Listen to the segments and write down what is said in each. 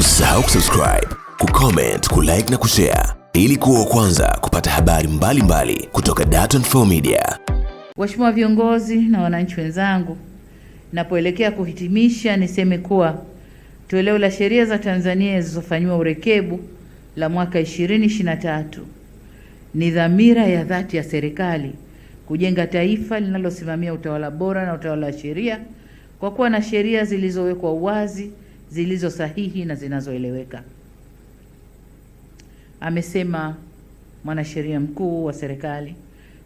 Usisahau kusubscribe, kucomment, kulike na kushare ili kuwa kwanza kupata habari mbalimbali mbali kutoka Dar24 Media. Waheshimiwa viongozi na wananchi wenzangu, napoelekea kuhitimisha, niseme kuwa toleo la sheria za Tanzania zilizofanyiwa urekebu la mwaka 2023 ni dhamira ya dhati ya serikali kujenga taifa linalosimamia utawala bora na utawala wa sheria kwa kuwa na sheria zilizowekwa uwazi zilizo sahihi na zinazoeleweka. Amesema mwanasheria mkuu wa serikali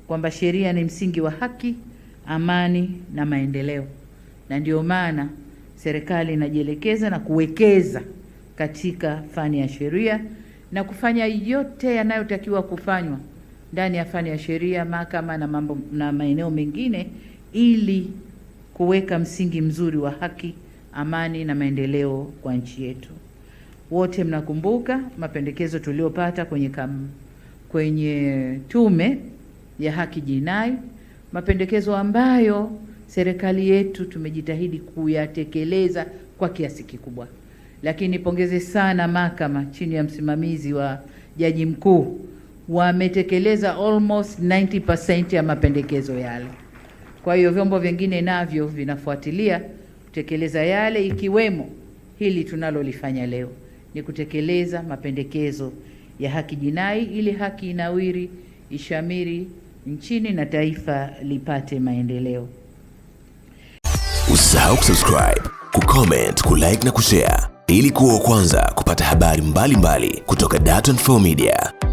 kwamba sheria ni msingi wa haki, amani na maendeleo, na ndio maana serikali inajielekeza na kuwekeza katika fani ya sheria na kufanya yote yanayotakiwa kufanywa ndani ya fani ya sheria, mahakama na mambo na maeneo mengine ili kuweka msingi mzuri wa haki amani na maendeleo kwa nchi yetu. Wote mnakumbuka mapendekezo tuliyopata kwenye, kam, kwenye tume ya haki jinai, mapendekezo ambayo serikali yetu tumejitahidi kuyatekeleza kwa kiasi kikubwa. Lakini pongeze sana mahakama chini ya msimamizi wa jaji mkuu, wametekeleza almost 90% ya mapendekezo yale. Kwa hiyo vyombo vingine navyo vinafuatilia kutekeleza yale, ikiwemo hili tunalolifanya leo, ni kutekeleza mapendekezo ya haki jinai, ili haki inawiri, ishamiri nchini na taifa lipate maendeleo. Usisahau kusubscribe, kucomment, kulike na kushare ili kuwa wa kwanza kupata habari mbalimbali mbali kutoka Dar24 Media.